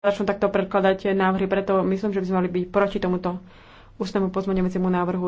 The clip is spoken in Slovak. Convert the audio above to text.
začnú takto predkladať návrhy, preto myslím, že by sme mali byť proti tomuto ústnemu pozmeňujúcemu návrhu.